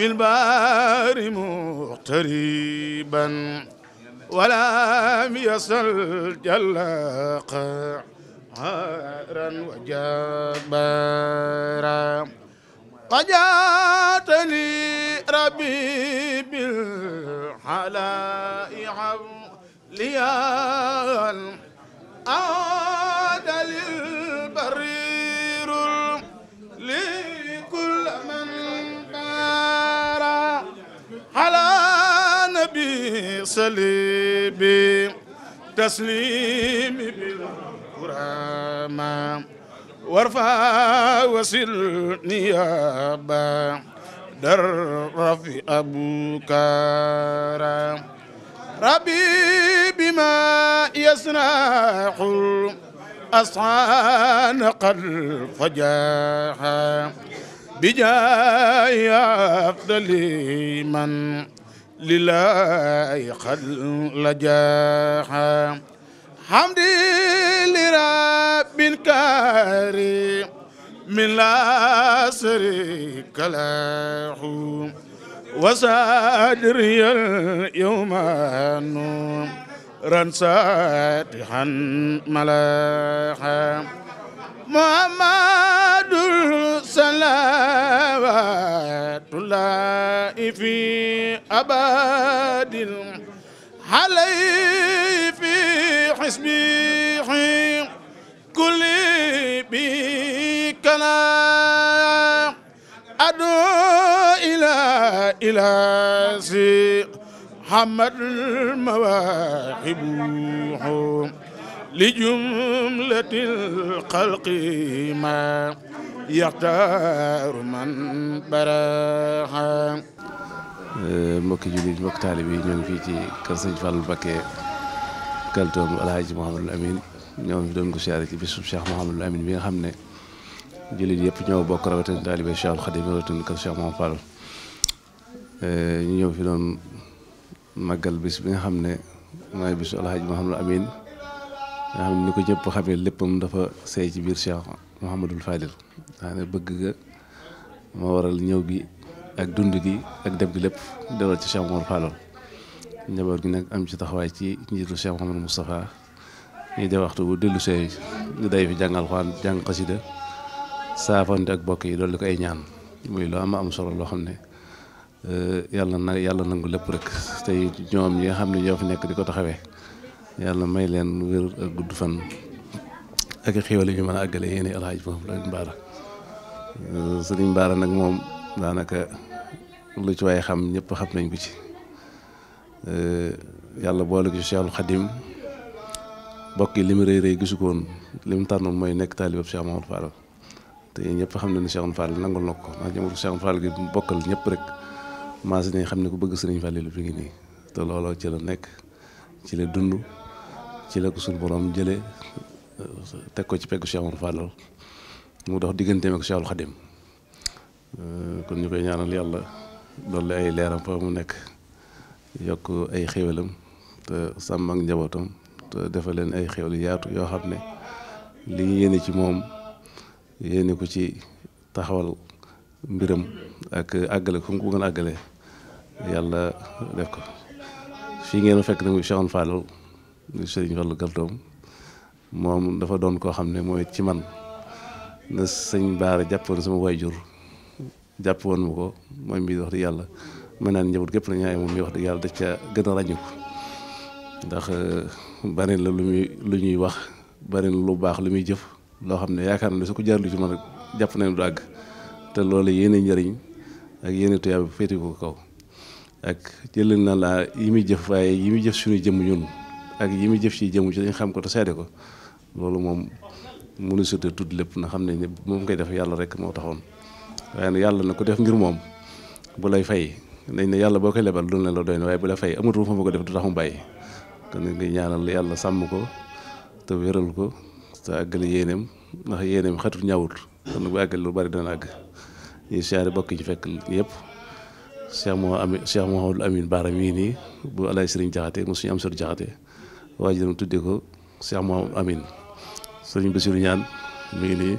في البار مغتربا ولم يصل جل قهرا وجبارا قجاتني جاتني ربي بالحلاء ليا صليب تسليم بالقرآن وارفع وسل نيابا در رفي كارا ربي بما يسرح أصحان قل فجاح بجاه أفضل من لله خل جاحا حمد لرب كريم من لا شريك له وسادري اليوم رنسات حن ملاحا محمد صلوات الله فيه أباد علي في حسبي كل بك أدعو إلى إلى سي محمد المواهب لجملة الخلق ما يختار من براها mbokki jullit mbokk taalibe yi ñoo ngi fii ci kër sëñ Fallou Mbacké Kaltoum alhaaji Mouhamadul Amin ñoo fi doon ko siyaare ci bisub Cheikh Mouhamadul Amin bi nga xam ne jullit yëpp ñoo bokk rawatina taalibe Cheikhul Khadim rawatina kër Cheikh Mouhamadou Fallou ñu ñëw fi doon màggal bis bi nga xam ne mooy bisu alhaaji Mouhamadul Amin nga xam ne ni ko ñëpp xamee léppam dafa seey ci biir Cheikh Mouhamadul Fadil nga xam ne bëgg nga moo waral ñëw gi ak dund gi ak dem gi lépp delloo ci Cheikh Mor Falloon njaboot gi nag am ci taxawaay ci njiitu Cheikh Mouhamadou Moustapha ñu de waxtu bu dellu see ñu day fi jàng alxuraan jàng xasida saafante ak bokk yi dolli ko ay ñaan muy lu am am solo loo xam ne eh, yàlla na yàlla nangu lépp rek tey ñoom ñi nga xam ne ñoo fi nekk di ko taxawee yàlla may leen wér ak gudd fan ak xéwal yi ñu mën a àggale yéen i alxaaj foofu la Baara eh, sëriñ Baara nag moom daanaka lu ci waaye xam ñëpp xam nañ ko ci euh, yàlla boole ko ci Cheikhul Khadim bokk yi li mu rëy rëy gisu ko woon li mu tànn mooy nekk taalibab Cheikh Mamadou Fall te ñëpp xam nañ ne Cheikh Fall nangul na ko ndax ñëpp Cheikh Fall gi bokkal ñëpp rek maa si xam ne ku bëgg Sëriñ Fall lu fi ngi nii te looloo ci la nekk ci la dund ci la ko suñu borom jële teg ko ci peggu Cheikh Mamadou Fall mu dox digganteem ak Cheikhul Khadim euh, kon ñu koy ñaanal yàlla. dolli ay leeram fa mu nekk yokk ay xéwalam te sàmm ak njabootam te defal leen ay xéwal yaatu yoo xam ne li ñu yéene ci moom yéene ko ci taxawal mbiram ak àggale fu mu ko gën àggale yàlla def ko fii ngeen fekk na muy Cheikhoun Fallou di Serigne Fallou Galtoom moom dafa doon koo xam ne mooy ci man na sëñ Baara jàppoon sama waajur jàpp woon ma ko moom mbii wax di yàlla mën naa ne njaboot gépp la ñaay moom mi wax dëgg yàlla daf ca gën a ràññiku ndax euh, bari la lu muy lu ñuy wax bari lu baax lu muy jëf loo xam ne yaakaar na su ko jaarlu ci man rek jàpp nañu du àgg te loolu yéene njëriñ ak yéene tuyaab féete ko kaw ak jëlee na laa yi muy jëf waaye yi muy jëf suñuy jëmm ñun ak yi muy jëf si jëmm ci dañ xam ko te seede ko loolu moom mënu sotee tudd lépp na xam ne moom koy def yàlla rek moo taxoon waaye nag yàlla na ko def ngir moom bu lay fay dañ ne yàlla boo koy lebal du ne la doy na waaye bu la fay amatul fa ma ko def du tax mu bàyyi kon ngi ñaanal yàlla sàmm ko te wéral ko te àggale yéeneem ndax yéeneem xatul ñawut kon bu àggale lu bari dana àgg ñuy bokk ci fekk yëpp cheikh moo ami cheikh Mouhamadou Amine Baara mii nii bu sëriñ jaxate mu suñu am sot jaxate waajuram tuddee ko cheikh nii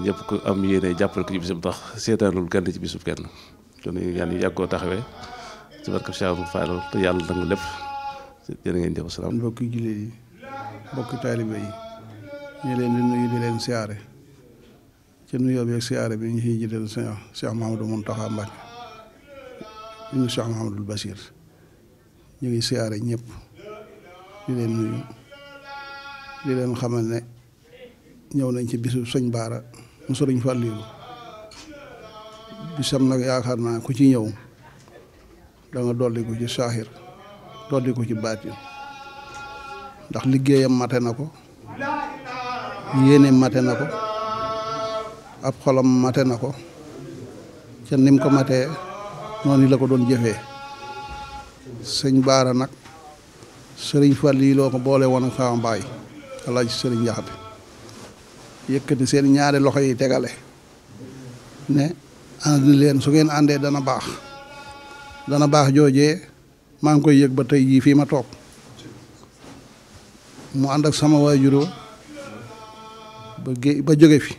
ñépp ku am yéene jàppale ko ci bisub tax seetaanul kenn ci bisub kenn kon yaa ngi yàggoo taxawee ci barke Cheikh Fallou te yàlla nangu lépp jërë ngeen jëf salaam. mbokki jullit yi mbokki taalibe yi ñu leen di nuyu di leen siyaare ci nuyoo bi ak siyaare bi ñu si jiital sëñ Cheikh Mahamadou Mountakha Mbacké ñu Cheikh ngi siyaare ñëpp di leen nuyu di leen xamal ne. ñëw nañ ci bisu sëñ Baara mu sëriñ Fàllilu bisam nag yaakaar naa ku ci ñëw da nga dolli ko ci saaxir dolli ko ci baat yi ndax liggéeyam mate na ko yéene mate na ko ab xolam mate na ko ca nim ko matee noonu la ko doon jëfee sëñ Baara nag sëriñ lii loo ko boole woon ak Fama Mbaay alaaji sëriñ Jaxate yëkkati seen ñaari loxo yi tegale ne ànd leen su ngeen àndee dana baax dana baax joojee maa ngi koy yëg ba tey jii fii ma toog mu ànd ak sama waajuroo ba gé ba jóge fi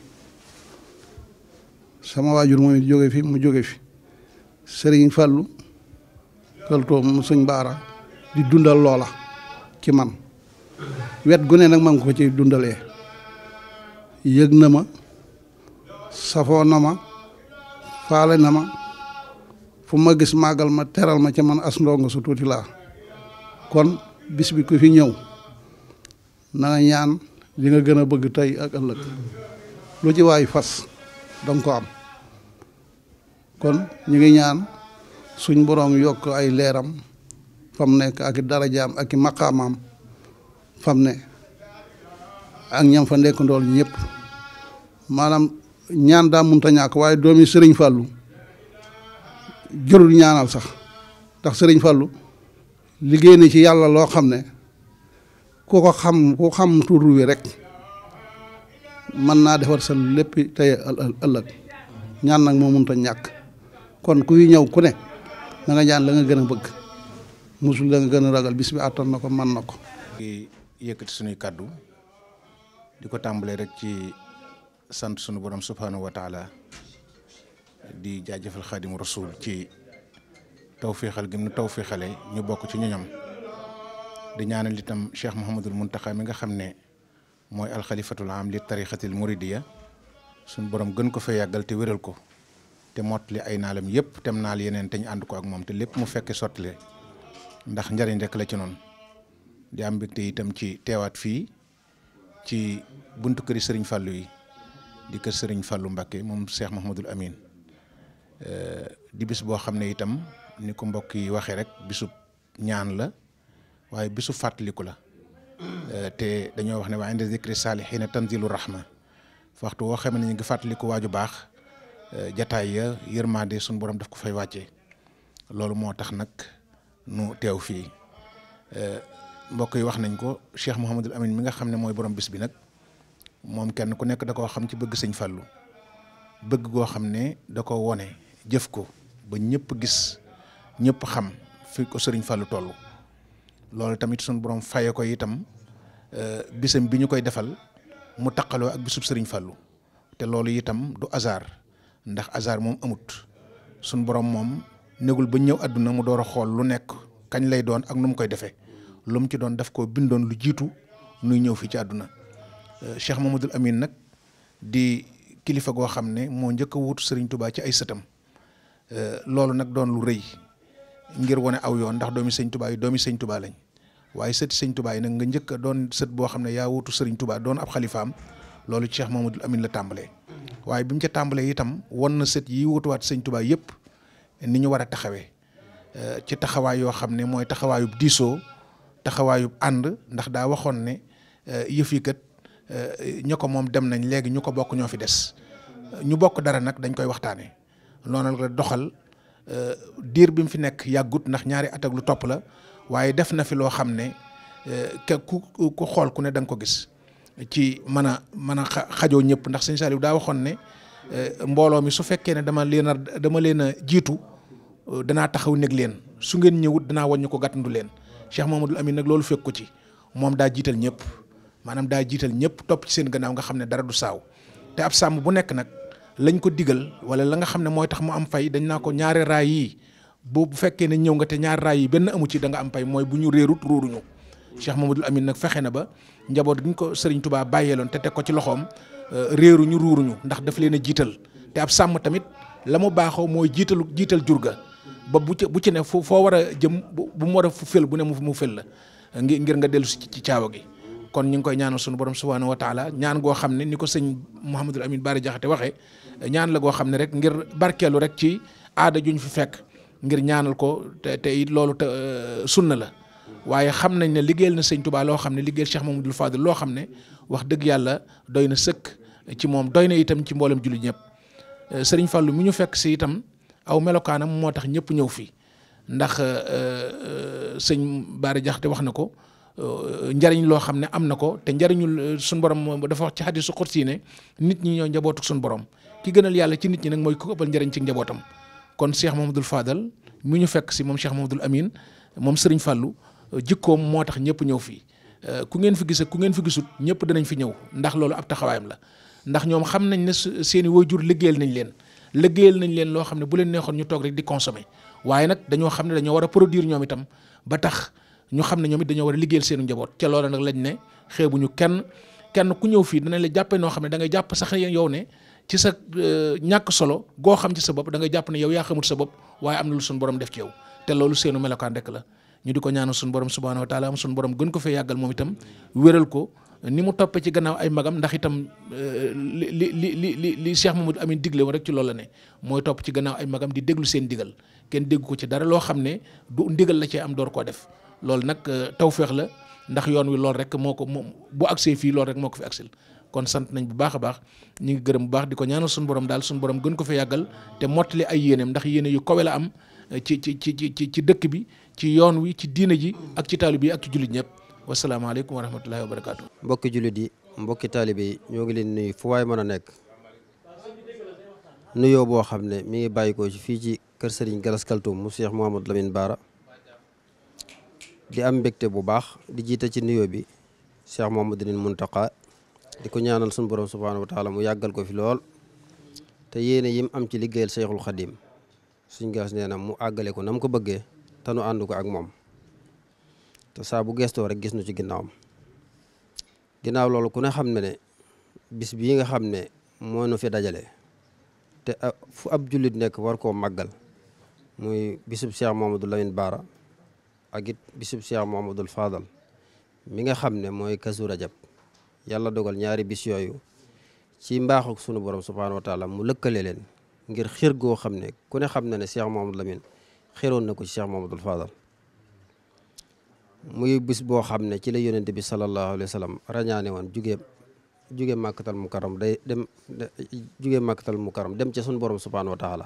sama waajur mooy jóge fi mu jóge fi sëriñ Fallou Kalto mu sëñ Baara di dundal loola ci man wet gu ne nag maa ngi ko ci dundalee yëg na ma safoo na ma faale na ma fu ma gis màggal ma teral ma ca man as ndongo su tuuti laa kon bis bi ku fi ñëw na ñaan li nga gën a bëgg tey ak ëllëg lu ci waay fas danga ko am kon ñu ngi ñaan suñ boroom yokk ay leeram fam nekk ak darajaam ak i maqaamaam fam ne ak ñam fa ndekkandool ñëpp maanaam ñaan daa munta ñàkk waaye doomi sëriñ fàllu jërul ñaanal sax ndax sëriñ fàllu liggéey na ci yàlla loo xam ne ku ko xam ku xam tur wi rek mën naa defar sa léppi tey ëllëg ñaan nag moo munta ñàkk kon kuy ñëw ku ne da nga ñaan la nga gën a bëgg musul la nga gën a ragal bis bi àttan man na ko yëkkati suñuy di ko tàmbalee rek ci sant sunu borom subhanahu wa taala di jaajëfal xaadimu rasul ci tawféexal gi mu tawféexale ñu bokk ci ñoñam di ñaanal itam cheikh Mouhamadul Muntaxa mi nga xam ne mooy alxalifatul am li tarixatil muridiya sunu borom gën ko fa yàggal te wéral ko te mottali ay naalam yëpp tem naal yeneen te ñu ànd ko ak moom te lépp mu fekke sottile ndax njariñ rek la ci noonu di am mbégte itam ci teewaat fii. ci buntu këri sëriñ fàllu yi di kër sëriñ fàllu Mbàkke moom Cheikh Mahmadul Amin eh, di bis boo xam ne itam ni ko mbokk yi waxee rek bisub ñaan la waaye bisu fàttaliku la eh, te dañoo wax ne waa inda zikri saalihiina tanzilu rahma waxtu woo xam ne ñu ngi fàttaliku waaju baax eh, jataay ya yërmaande suñu borom daf ko fay wàcce loolu moo tax nag nu teew fii mbokk yi wax nañ ko Cheikh Mouhamadul Amin mi nga xam ne mooy borom bis bi nag moom kenn ku nekk da koo xam ci bëgg sëñ Fàllu bëgg goo xam ne da ko wone jëf ko ba ñëpp gis ñëpp xam fi ko sëriñ fallu toll loolu tamit suñ borom faye ko itam euh, bisam bi ñu koy defal mu taqaloo ak bisub sëriñ Fàllu te loolu itam du hasard ndax hasard moom amut suñ borom moom négul ba ñëw àdduna mu door a xool lu nekk kañ lay doon ak nu mu koy defee lu ci doon daf ko bindoon lu jiitu nuy ñëw fii ci àdduna euh, Cheikh Mamadou Amine nag di kilifa goo xam ne moo njëkk a wuutu Serigne ci ay sëtam euh, loolu nag doon lu rëy ngir wane aw yoon ndax doomi Sëñ doomi Sëñ lañ waaye sëti Sëñ Touba nag nga njëkk doon sët boo xam ne yaa wuutu Serigne doon ab xalifaam loolu Cheikh Mamadou Amine la tàmbalee. waaye bi mu tàmbalee itam won na sët yi wutuwaat Sëñ yëpp ni ñu war a taxawee euh, ci taxawaay yoo xam ne mooy taxawaayub diisoo. taxawaayu ànd ndax daa waxoon ne eh, yëf yi kat eh, moom dem nañ léegi ñu ko bokk ñoo fi des ñu bokk dara nag dañ koy waxtaanee noonu la doxal eh, diir bi mu fi nekk yàggut ndax ñaari atag lu topp la waaye def na fi loo xam ne ke ku xool ku ne danga ko gis ci mën a mën a xajoo ñëpp ndax sëñ Saliou daa waxoon ne mbooloo mi su fekkee ne dama leen dama leen a jiitu danaa taxaw nekk leen su ngeen ñëwut danaa wàññi ko gàttandu leen. Cheikh Mamadou Amine nag loolu fekk ko ci moom daa jiital ñëpp maanaam daa jiital ñëpp topp ci seen gannaaw nga xam ne dara du saaw te ab sàmm bu nekk nag lañ ko digal wala la nga xam ne mooy tax mu am fay dañ naa ko ñaari raay yi bu fekkee ne ñëw nga te ñaari raay yi benn amu ci da nga am fay mooy bu ñu réerut ruuruñu Cheikh Mamadou Amine nag fexe na ba njaboot gi ñu ko Serigne Touba bàyyeeloon te teg ko ci loxoom euh, réeruñu ñu ndax daf leen a jiital te sàmm tamit la mu baaxoo mooy jiitalu jiital jur ga ba bu ci bu ci ne foo foo war a jëm bu mu war a fël bu ne mu fël la ngi ngir nga dellu si ci caawa gi kon ñu ngi koy ñaanal sunu borom subhaanahu wa taala ñaan goo xam ne ni ko sëñ Mouhamadul Amin Baari Jaxate waxee ñaan la goo xam ne rek ngir barkeelu rek ci aada juñ fi fekk ngir ñaanal ko te it loolu te euh, sunna la waaye xam nañ ne liggéeyal na sëñ Tuubaa loo xam ne liggéeyal Cheikh Mamadul Fadil loo xam ne wax dëgg yàlla doy na sëkk ci moom doy na itam ci mboolem jullit ñëpp euh, sëriñ Fàllu mi ñu fekk si itam aw melokaanam moo tax ñëpp ñëw fii ndax euh, euh, sëñ Bara Diakhaté wax na ko euh, njariñ loo xam ne am na ko te njariñul suñu borom dafa wax ci hadiisu xursi ne nit ñi ñoo njabootu suñu borom ki gënal yàlla ci nit ñi nag mooy ku ëppal njariñ ci njabootam kon Cheikh Mamadou Fadal mu ñu fekk si moom Cheikh Mamadou Amine moom sëriñ Fallou jikkoom moo tax ñëpp ñëw fii ku ngeen fi gis ku ngeen fi gisut ñëpp danañ fi ñëw ndax loolu ab taxawaayam la ndax ñoom xam nañ ne seeni waajur liggéeyal nañ leen liggéeyal nañ leen loo xam ne bu leen neexoon ñu toog rek di consommer waaye nag dañoo xam ne dañoo war a produire ñoom itam ba tax ñu xam ne ñoom it dañoo war a liggéeyal seenu njaboot ca loola nag lañ ne xeebuñu kenn kenn ku ñëw fii danañ la jàppee noo xam ne da ngay jàpp sax yow ne ci sa euh, ñàkk solo goo xam ci sa bopp da jàpp ne yow yaa sa bopp waaye am na lu borom def ci yow te loolu seenu melokaan rek la ñu di ko ñaanal suñu borom subhanahu wa taala am suñu borom gën ko fee yàggal moom itam wéral ko ni mu toppee ci gannaaw ay magam ndax itam euh, li li li li li mu Mamadou Amine digle woon rek ci loolu la ne mooy topp ci gannaaw ay magam di déglu seen digal kenn dégg ko ci dara loo xam ne du ndigal la cee am door koo def lool nag euh, tawféex la ndax yoon wi loolu rek moo ko moom bu agsee fii loolu rek moo ko fi agsil kon sant nañ bu baax a baax ñu ngi gërëm bu baax di ko ñaanal suñu borom daal suñu borom gën ko fi yàggal te mottali ay yéeneem ndax yéene yu kawe am euh, ci ci ci ci ci dëkk bi ci yoon wi ci diine ji ak ci taalib yi ak ci ñëpp wassalamualaikum warahmatullahi wabarakatuh wa barakaatu. mbokki jullit yi mbokki taalibe yi ngi leen nuyu fu way mëna nek nuyo bo xamne mi ngi bayiko ci fi ci kër Serigne Galas mu Cheikh Mouhamadou Lamine Bara di am bekté bu baax di jité ci nuyo bi Cheikh Mouhamadou Lamine Mountakha di ko ñaanal sun borom subhanahu wa taala mu yagal ko fi lool te yene yim am ci liggéeyal Cheikhul Khadim suñ galas neena mu agalé ko nam ko bëgge tanu andu ko ak mom te saa bu gestoo gis nu ci ginnaawam ginnaaw loolu ku ne xam ne ne bis bii nga xam ne moo nu fi dajale te fu ab jullit nekk war koo màggal muy bisub Cheikh Mouhamadou Lamine baara ak it bisub Cheikh Mouhamadou Fadal mi nga xam ne mooy kasu rajab yàlla dogal ñaari bis yooyu ci mbaaxu sunu borom subhaanahu wa mu lëkkale leen ngir xir goo xam ne ku ne xam na ne Cheikh Mouhamadou Lamine xiroon na ko ci Cheikh Mouhamadou Fadal muy bis bo xamne ci la yonent bi sallallahu alaihi wasallam sallam won juge juge mukaram day dem juge mukaram dem ci sun borom subhanahu wa taala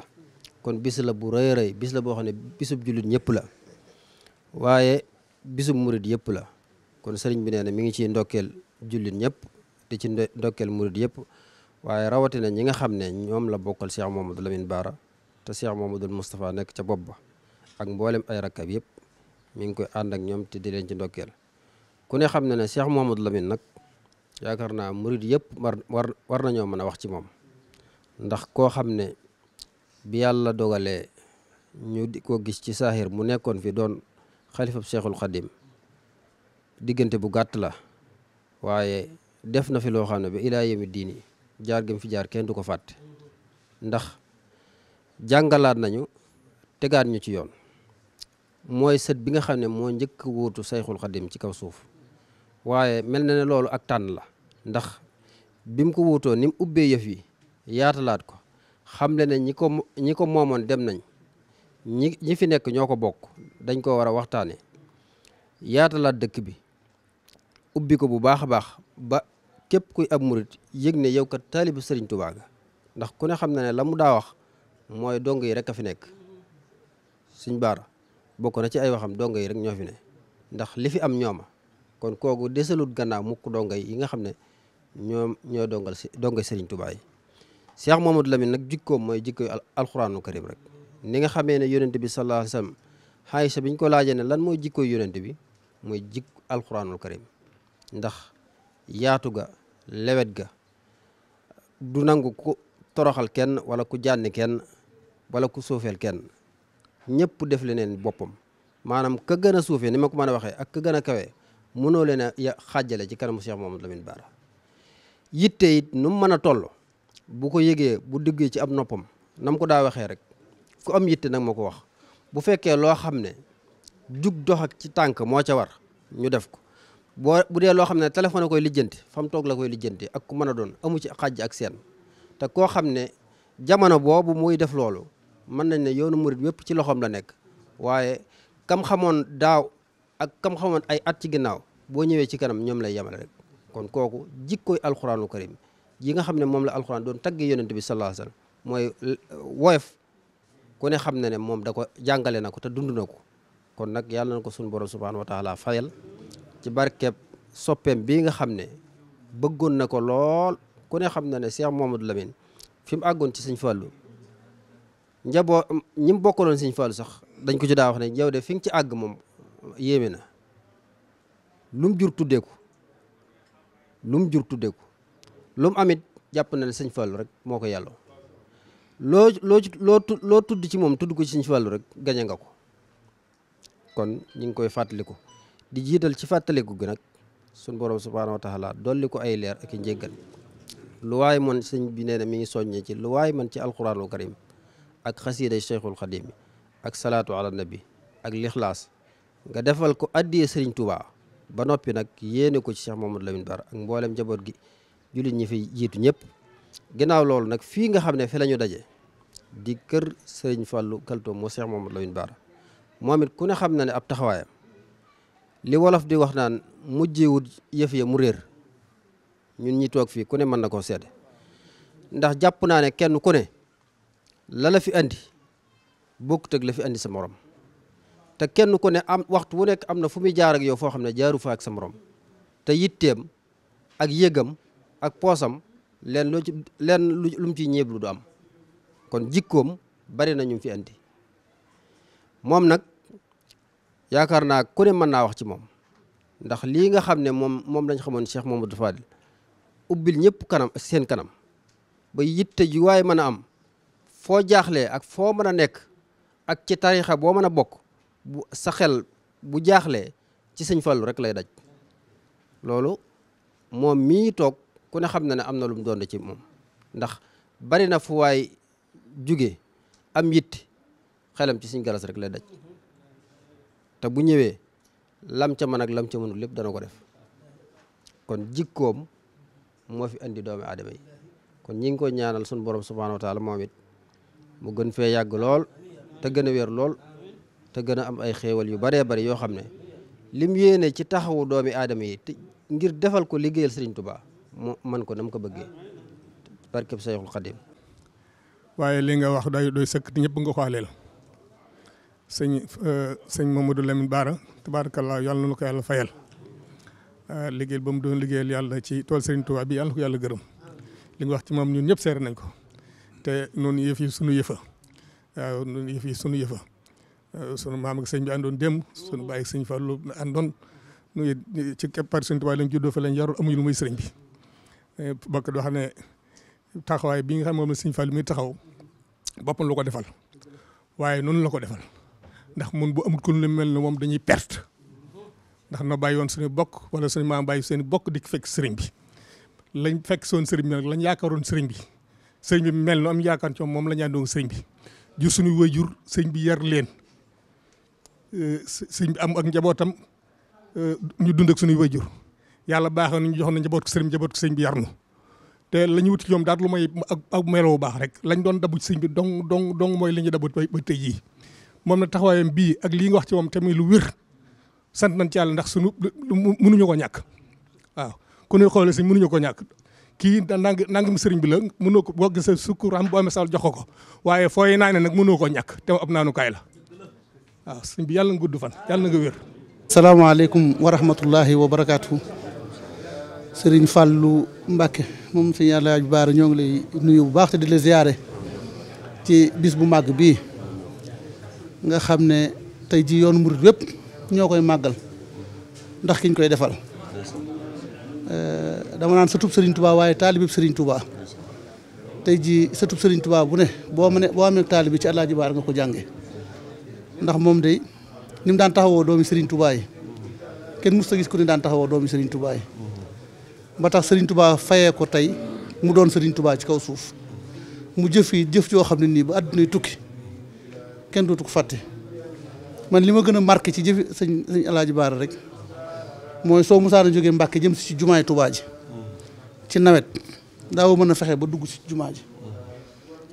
kon bis la bu reey reey bis la bo xamne bisub julit ñepp la waye bisub murid yepp la kon sering bi neena mi ngi ci ndokkeel julit ñepp di ci murid waye rawati rawatina ñi nga xamne ñom la bokal Cheikh mohammed Lamine Bara te Cheikh mohammed mustafa nek ca bobba ak mbollem ay rakkab yepp mi ngi koy ànd ak ñoom te di leen ci ndokkeel ku ne xam na ne Cheikh Mouhamadou Lamine nag yaakaar naa murid yëpp war nañoo mën a wax ci moom ndax koo xam ne bi yàlla dogalee ñu di ko gis ci saaxir mu nekkoon fi doon xalifab Cheikhul Khadim diggante bu gàtt la waaye def na fi loo xam ne ba ilaa yemi diini jaar gi fi jaar kenn du ko fàtte ndax jàngalaat nañu tegaat ñu ci yoon mooy sët bi nga xam ne moo njëkk wuutu sayxul xadim ci kaw suuf waaye mel na ne loolu ak tànn la ndax bi mu ko wuutoo ni mu ubbee yëf yi yaatalaat ko xam ne ñi ko ñi ko moomoon dem nañ ñi ñi fi nekk ñoo ko bokk dañ koo war a waxtaane yaatalaat dëkk bi ubbi ko bu baax a baax ba képp kuy ab murit yëg ne yow kat taalibu sëriñ Tuubaa ndax ku ne xam na ne la mu daa wax mooy dong yi rek a fi nekk suñ baara bokk na ci ay waxam donga yi rek ñoo fi ne ndax li fi am ñooma kon kooku desalut gannaaw mukk donga yi nga xam ne ñoom ñoo dongal si donga Serigne Touba yi Cheikh Mamadou Lamine nag jikkoom mooy jikkoy alxuraanu karim rek ni nga xamee ne yonent bi sallallahu alayhi wasallam Aysa biñ ko laajee ne lan mooy jikkoy yonent bi mooy jik alxuraanul karim ndax yaatu ga lewet ga du nangu ku toroxal kenn wala ku jànni kenn walla ku suufeel kenn ñëpp def leneen boppam maanaam ka gën a suufee ni ma ko mën a waxee ak ka gën a kawe mënoo leen a xàjjale ci kanamu Cheikh moom Lamine Bara yitte it nu mu mën a toll bu ko yëgee bu duggee ci ab noppam nam ko daa waxee rek ku am yitte nag ma ko wax bu fekkee loo xam ne jug dox ci tànk moo ca war ñu def ko boo bu dee loo xam ne téléphone koy lijjanti fa mu toog la koy lijjanti ak ku mën a doon amu ci xàjj ak seen te koo xam ne jamono boobu muy def loolu mën nañ ne yoonu murit wépp ci loxoom la nekk waaye kam xamoon daaw ak kam xamoon ay at ci ginnaaw boo ñëwee ci kanam ñoom lay yemale rek kon kooku jikkooy alxuraanu karim yi nga xam ne moom la alxuraan doon taggee yonent bi sallallahu alayhi mooy euh, woyof ku xam ne ne moom da ko jàngale na ko te dund na ko kon nag yàlla na ko suñu borom subhaanahu wa taala ci barkeeb soppeem bii nga xam ne bëggoon na ko lool ku ne xam na ne Cheikh Mouhamadou Lamine fi mu àggoon ci Sëñ Fallu njaboo ñi mu bokkaloon sëñ Fallou sax dañ ko ci daa wax ne yow de fi nga ci àgg moom yéeme na lum jur tuddee ko lum jur tuddee ko lum amit jàpp na ne sëñ Fallou rek moo ko yàlloo loo loo loo loo tudd ci moom tudd ko ci sëñ Fallou rek gañe nga ko kon ñu ngi koy fàttaliku di jiital ci fàttaliku gi nag sunu borom subhaanahu wa taala dolli ko ay leer ak i njéggal lu waay man sëñ bi nee na mi ngi soññee ci lu waaye man ci alxuraanul karim ak xasiiday cheikhul xadim bi ak salaatu ala nabi ak lixlaas nga defal ko addiyee sëriñ tubaa ba noppi nag yéene ko ci cheikh Mamadou Lamine Bara ak mboolem njaboot gi jullit ñi fi jiitu ñëpp ginnaaw loolu nag fii nga xam ne fi la ñu daje di kër sëriñ Fallou Kalto moo cheikh Mamadou Lamine Bara moom it ku ne xam na ne ab taxawaayam li wolof di wax naan mujjewut yëf ya mu réer ñun ñi toog fii ku ne mën na koo seede ndax jàpp naa ne kenn ku ne la la fi andi bokkut ak la fi andi sa morom te kenn ku ne am waxtu wu nekk am na fu muy jaar ak yow foo xam ne jaaru fa ak sa morom te yitteem ak yëgam ak poosam leen lu ci leen lu mu ciy ñeeblu du am kon jikkoom bari na ñu fi andi moom nag yaakaar naa ku ne mën naa wax ci moom ndax lii nga xam ne moom moom lañ xamoon Cheikh Mamadou Fadil ubbil ñëpp kanam seen kanam ba yitte ju waaye mën a am foo jaxlé ak fo mëna nek ak ci tarixa bo mëna bok bu sa xel bu jaxlé ci señ Fallu rek lay daj lolu mom mi tok ku ne xamna na ne lu mu doon ci mom ndax bari na fu way juggé am yitt xelam ci señ Galas rek lay daj ta bu ñëwé lam ca man ak lam ca mënul da na ko def kon jikkoom mo fi andi doomi adamay kon ñing ko ñaanal sun borom subhanahu wa taala momit mu gën fee yàgg lool te gën a wér lool te gën a am ay xéewal yu baree bari yoo xam ne lim yéene ci taxawu doomi aadama yi ngir defal ko liggéeyal Sëriñ Tuubaa mu man ko nam ko bëggee barkeb Seexul Xadim waaye li nga wax day doy sëkk te ñëpp nga ko aleel sëñ euh, sëñ Mamadou Lamine Bara tabaarakallaa yàlla na ko yàlla fayal euh, liggéeyal ba mu doon liggéeyal yàlla ci tool Sëriñ Tuubaa bi yàlla ko yàlla gërëm li nga wax ci moom ñun ñëpp seere nañ ko te noonu yëf yi sunu yëfa waaw noonu yëf yi sunu yëfa sunu maam ak sëñ bi àndoon démb sunu baay sëñ Fallou àndoon ñu ci keppar sëñ Tuubaa lañ juddoo fa lañ yarul amuñu lu muy doo eh, xam ne taxawaay bi nga xam moom la sëñ Fallou taxaw boppam ko defal waaye noonu la ko defal ndax mun bu amul ku mel ne moom dañuy perte ndax na bàyyi woon suñu bokk wala suñu maam bàyyi seen bokk di fekk sëriñ bi lañ fekk soon sëriñ bi lañ yaakaaroon sëriñ bi sëñ bi mel nu am yaakaar ci moom la ñu àndoon sëñ bi jur suñu wayjur sëñ bi yar leen euh, sëñ bi am ak njabootam euh, ñu dund ak suñuy wayjur yàlla nu nañu jox na njaboot ko sëriñ njaboot sëñ bi yar nu te la ñu wuti ci ñoom daal lu may ak ak meloo baax rek lañ doon dabu ci sëñ bi dong dong dong mooy li ñu dabu ba ba tey jii moom na taxawaayam bii ak lii nga wax ci moom tamit lu wér sant nañ ci yàlla ndax sunu mënuñu ko ñàkk waaw ku ñuy xoolee sëñ mënuñu ko ñàkk kii nang nangam sëriñ bi la mënoo ko boo gisee sukkuram boo amee sal jox ko waaye fooy naa ne nag mënoo ko ñàkk te ab naanu kaay la waaw sëriñ yàlla nga gudd fan yàlla nga wér. salaamaaleykum wa rahmatullahi wa barakaatu. sëriñ Fallou Mbacke moom sëñ yàlla bu baar ñoo ngi lay nuyu bu baax te di la ziyaare ci bis bu màgg bii nga xam ne tey ji yoon murit wépp ñoo koy màggal ndax kiñ koy defal Euh, dama naan sëtub sëriñ tubaa waaye taalibib sëriñ Touba tey jii sëtub sëriñ tubaa bu ne boo mënee boo amee taalibi ci Alaaji Baar nga ko jànge ndax moom day ni mu daan taxawoo doomi Serigne Touba kenn mës ta gis daan taxawoo doomi Serigne Touba yi ba tax Serigne Touba fayee ko tey mu doon sëriñ tubaa ci kaw suuf mu jëf yi jëf yoo xam ne nii ba àdduna tukki kenn dootu ko fàtte man li ma gën a marqué ci jëfi sëñ sëñ Alaaji Baar rek. mooy soo musaana jógee Mbàkke jëm si ci jumaay Tuubaa ji ci nawet daaw mën a fexe ba dugg si jumaa ji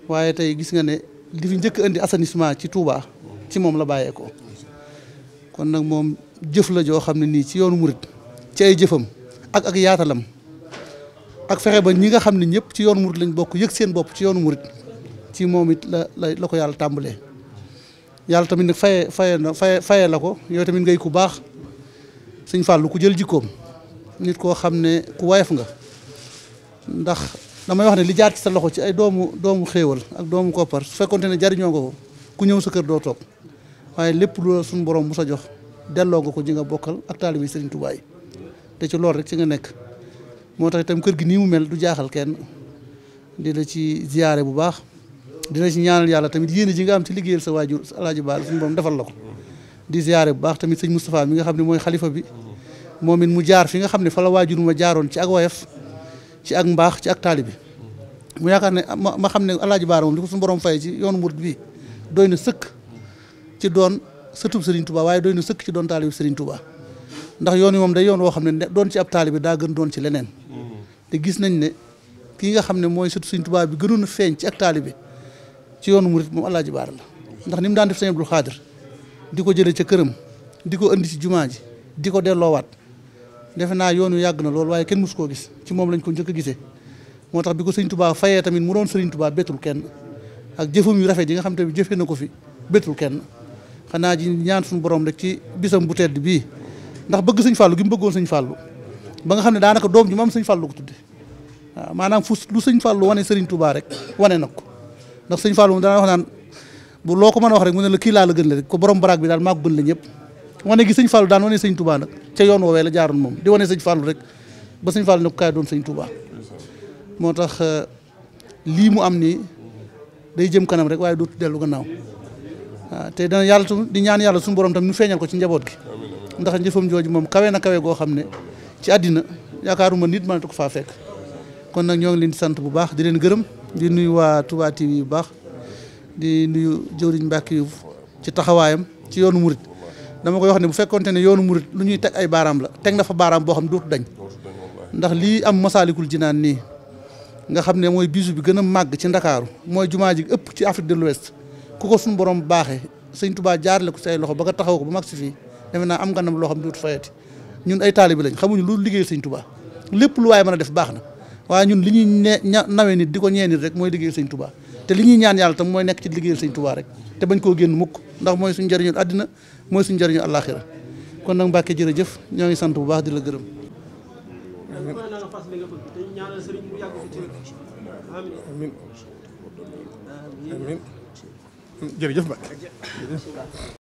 waaye tey gis nga ne li fi njëkk indi assainissement ci Touba ci moom la bàyyeekoo kon nag moom jëf la joo xam ne nii ci yoonu murit ci ay jëfam ak ak yaatalam ak fexe ba ñi nga xam ne ñëpp ci yoonu murit lañ bokk yëg seen bopp ci yoonu murit ci moom it la la ko yàlla tàmbalee yàlla tamit nag faye faye la ko yow tamit ngay ku baax suñ fàllu ku jël jikkoom nit koo xam ne ku woyof nga ndax damay wax ne li jaar ci sa loxo ci ay doomu doomu xéewal ak doomu koppar su fekkonte ne jariñoo nga ko ku ñëw sa kër doo toog waaye lépp lu suñu borom mu sa jox delloo nga ko ji nga bokkal ak taalibi sëriñ Tuubaa yi te ci loolu rek ci nga nekk moo tax itam kër gi nii mu mel du jaaxal kenn di la ci ziyaare bu baax dina ci ñaanal yàlla tamit yéene ji nga am ci liggéeyal sa waajur alaaji baal suñu defal la ko di ziare bu baax tamit sëñ Moustapha mi nga xam ne mooy xalifa bi moom it mu jaar fi nga xam ne fa la waajur ma jaaroon ci ak woyof ci ak mbaax ci ak taalibi mu yaakaar ne ma xam ne alaaji baara moom li ko suñu borom fay ci yoonu murid bi doy na sëkk ci doon sëtub Serigne Touba waaye doy na sëkk ci doon taalibi Serigne Touba ndax yoon yi moom day yoon woo xam ne doon ci ab taalibi daa gën doon ci leneen te gis nañ ne kii nga xam ne mooy sëtub Serigne Touba bi gënoon a feeñ ci ak taalibi ci yoonu murid moom alaaji baara la ndax ni mu daan def sëñ Abdul Xaadir di ko jëlee ca këram di ko indi ci jumaa ji di ko delloowaat defe naa yoonu yàgg na loolu waaye kenn mus koo gis ci moom lañ ko njëkk a gisee moo tax bi ko sëñ Touba fayee tamit mu doon sëriñ Touba bettul kenn ak jëfum yu rafet yi nga xam te jëfee na ko fi bettul kenn xanaa ji ñaan suñu borom rek ci bisam bu tedd bii ndax bëgg sëñ Fallou gi mu bëggoon sëñ Fallou ba nga xam ne daanaka doom ji maam sëñ fallu ko tudde maanaam fu lu sëñ Fallou wane sëriñ tubaa rek wane na ko ndax sëñ Fallou dana wax naan bu loo ko mën a wax rek mu ne la kii laa la gën la rek ko borom baraag bi daal maa ko gën la ñëpp wane gi sëñ Fallou daan wane sëñ Touba nag ca yoon woowee la jaaroon moom di wane sëñ Fallou rek ba sëñ Fallou ne ko kaay doon sëñ Touba moo tax euh, lii mu am nii day jëm kanam rek waaye dootu dellu gannaaw waaw te dana yàlla di ñaan yàlla suñu borom tam ñu feeñal ko ci njaboot gi ndax njëfam jooju moom kawe na kawe goo xam ne ci àddina yaakaaruma nit mënatu ko faa fekk kon nag ñoo leen sant bu baax di leen gërëm di nuyu waa Touba TV bu baax di nuyu jëwriñ mbakk Yuuf ci taxawaayam ci yoonu murit dama koy wax ne bu fekkonte ne yoonu murit lu ñuy teg ay baaraam la teg na fa baaraam boo xam ne dootu dañ ndax lii am masaalikul jinaan nii nga xam ne mooy bisu bi gën a màgg ci ndakaaru mooy jumaa ji ëpp ci Afrique de l'Ouest ku ko suñ borom baaxee sëñ Tuubaa jaarale ko say loxo ba nga taxaw ko ba mag si fii defe naa am nga nam loo xam ne dootu fayati ñun ay taalibi lañ xamuñu lu liggéey sëñ Tuubaa lépp lu waaye mën a def baax na waaye ñun li ñuy ne nawe nit di ko ñee rek mooy liggéey sëñ Tuubaa te li ñuy ñaan yàlla tam mooy nekk ci liggéeyal sëñ Tuubaa rek te bañ koo génn mukk ndax mooy suñ njëriñul àddina mooy suñ njëriñu àllaaxira kon nag Mbàkke jërëjëf ñoo ngi sant bu baax di la gërëm jërëjëf Mbàkke